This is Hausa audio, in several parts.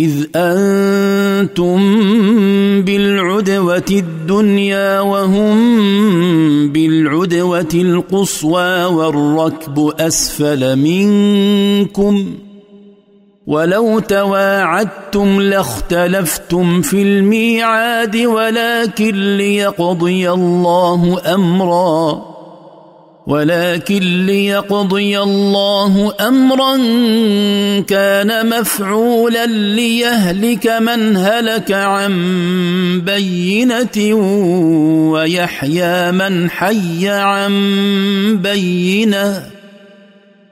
إذ أنتم بالعدوة الدنيا وهم بالعدوة القصوى والركب أسفل منكم ولو تواعدتم لاختلفتم في الميعاد ولكن ليقضي الله أمرًا ولكن ليقضي الله امرا كان مفعولا ليهلك من هلك عن بينه ويحيى من حي عن بينه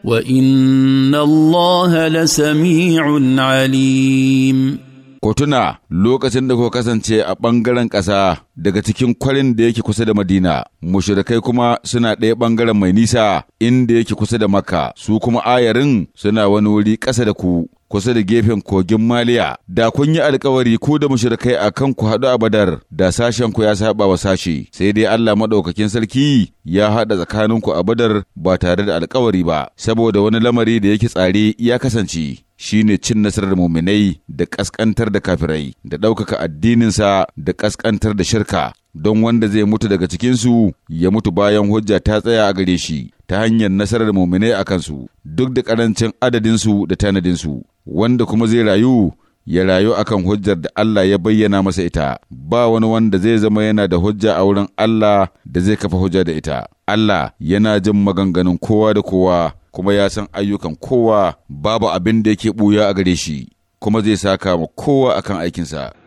وان الله لسميع عليم ko tuna lokacin da kuka kasance a ɓangaren ƙasa daga cikin kwarin da yake kusa da Madina, mushirikai kuma suna ɗaya ɓangaren mai nisa inda yake kusa da Makka, su kuma ayarin suna wani wuri ƙasa da ku. kusa da gefen kogin Maliya, da kun yi alkawari ku da mushirikai a kan ku haɗu a badar, da sashen ku ya saba wa sashi, sai dai Allah maɗaukakin sarki ya haɗa tsakaninku a badar ba tare da alkawari ba, saboda wani lamari da yake tsare ya kasance. shine cin nasarar muminai da ƙasƙantar da kafirai da ɗaukaka addininsa da ƙasƙantar da shirka don wanda zai mutu daga cikinsu ya mutu bayan hujja ta tsaya a gare shi ta hanyar nasarar muminai a kansu duk da ƙarancin adadinsu da tanadinsu wanda kuma zai rayu ya rayu akan hujjar da Allah ya bayyana masa ita ba wani wanda zai zama yana da hujja a wurin Allah da zai kafa hujja da ita Allah yana jin maganganun kowa da kowa kuma ya san ayyukan kowa babu abin da yake ɓuya a gare shi kuma zai saka ma kowa akan aikinsa